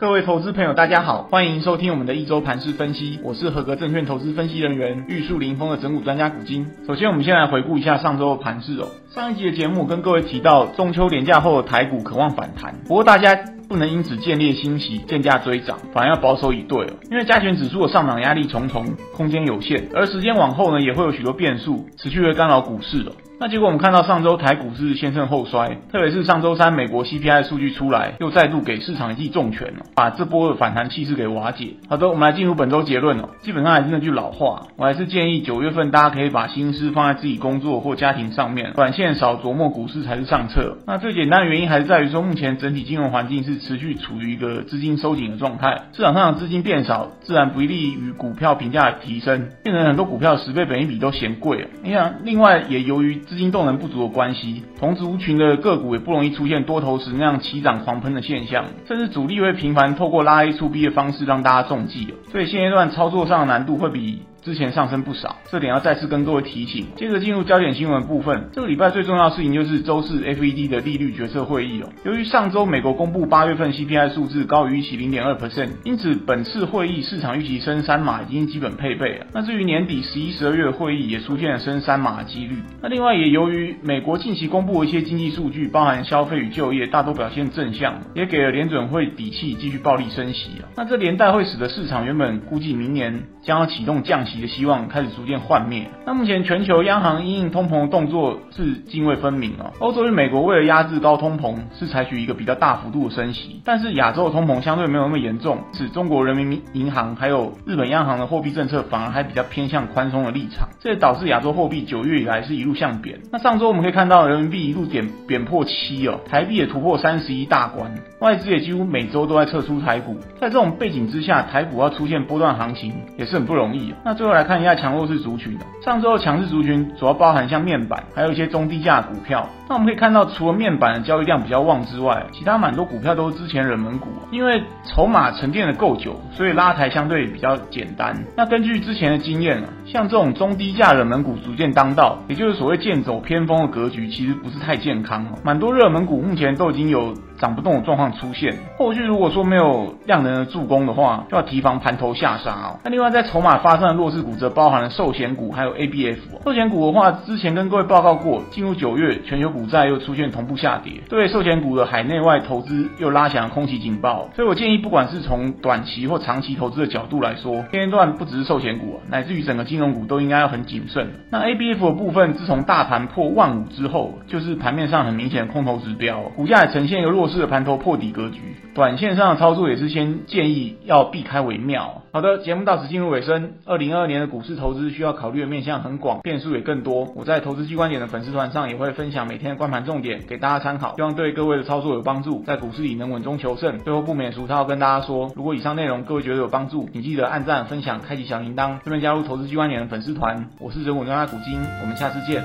各位投資朋友，大家好，歡迎收聽我們的一周盤勢分析。我是合格證券投資分析人員，玉樹臨風的整股專家古今。首先，我們先來回顧一下上周的盤勢哦。上一集的節目我跟各位提到，中秋連假後的台股可望反彈，不過大家不能因此見獵心喜，見價追漲，反而要保守以對哦。因為加權指數的上檔壓力重重，空間有限，而時間往後呢，也會有許多變數，持續的干擾股市哦。那結果我們看到上周台股是先盛後衰，特別是上周三美國 CPI 數據出來，又再度給市場一記重拳了，把這波的反彈氣勢給瓦解。好的，我們來進入本周結論哦，基本上還是那句老話，我還是建議九月份大家可以把心思放在自己工作或家庭上面，短線少著墨股市才是上策。那最簡單的原因還是在於說，目前整體金融環境是持續處於一個資金收緊的狀態，市場上的資金變少，自然不利於股票評價的提升，變成很多股票十倍、本益比都嫌貴，你想，另外也由於資金動能不足的關係，同族群的個股也不容易出現多頭時那樣齊漲狂噴的現象，甚至主力會頻繁透過拉 A 出 B 的方式讓大家中計，所以現階段操作上的難度會比。之前上升不少，這點要再次跟各位提醒。接着進入焦點新聞部分，這個禮拜最重要的事情就是週四 FED 的利率決策會議哦。由於上週美國公布八月份 CPI 數字高於預期零點二 percent，因此本次會議市場預期升三碼已經基本配備了。那至於年底十一、十二月會議也出現了升三碼的幾率。那另外也由於美國近期公布一些經濟數據，包含消費與就業，大多表現正向，也給了聯準會底氣繼續暴力升息哦。那這連帶會使得市場原本估計明年將要啟動降息。的希望開始逐漸幻滅。那目前全球央行因應通膨的動作是涇渭分明哦。歐洲與美國為了壓制高通膨，是採取一個比較大幅度的升息。但是亞洲的通膨相對沒有那麼嚴重，使中國人民銀行還有日本央行的貨幣政策反而還比較偏向寬鬆的立場。這也導致亞洲貨幣九月以來是一路向貶。那上周我們可以看到人民幣一路貶貶破七哦，台幣也突破三十一大關，外資也幾乎每周都在撤出台股。在這種背景之下，台股要出現波段行情也是很不容易哦。那最後來看一下強弱勢族群的。上周強勢族群主要包含像面板，還有一些中低價股票。那我們可以看到，除了面板的交易量比較旺之外，其他蠻多股票都是之前冷門股，因為籌碼沉澱的夠久，所以拉抬相對比較簡單。那根據之前的經驗啊，像這種中低價冷門股逐漸當道，也就是所謂劍走偏鋒的格局，其實不是太健康哦。蠻多熱門股目前都已經有漲不動的狀況出現，後續如果說沒有量能的助攻的話，就要提防盤頭下殺哦。那另外在籌碼發生的弱勢股，則包含了壽險股還有 ABF。壽險股的話，之前跟各位報告過，進入九月全球股。股債又出現同步下跌，對壽險股的海內外投資又拉響空襲警報，所以我建議，不管是從短期或長期投資的角度來說，現階段不只是壽險股，乃至於整個金融股都應該要很謹慎。那 A B F 的部分，自從大盤破萬五之後，就是盤面上很明顯的空頭指標，股價也呈現一個弱勢的盤頭破底格局，短線上的操作也是先建議要避開為妙。好的，節目到此進入尾聲。二零二二年的股市投資需要考慮的面向很廣，變數也更多。我在投資 G 觀點的粉絲團上也會分享每天的觀盤重點，給大家參考，希望對各位的操作有幫助，在股市裡能穩中求勝。最後不免俗套跟大家說，如果以上內容各位覺得有幫助，請記得按讚、分享、開啟小鈴鐺，順便加入投資 G 觀點的粉絲團。我是人文聊聊古今，我們下次見。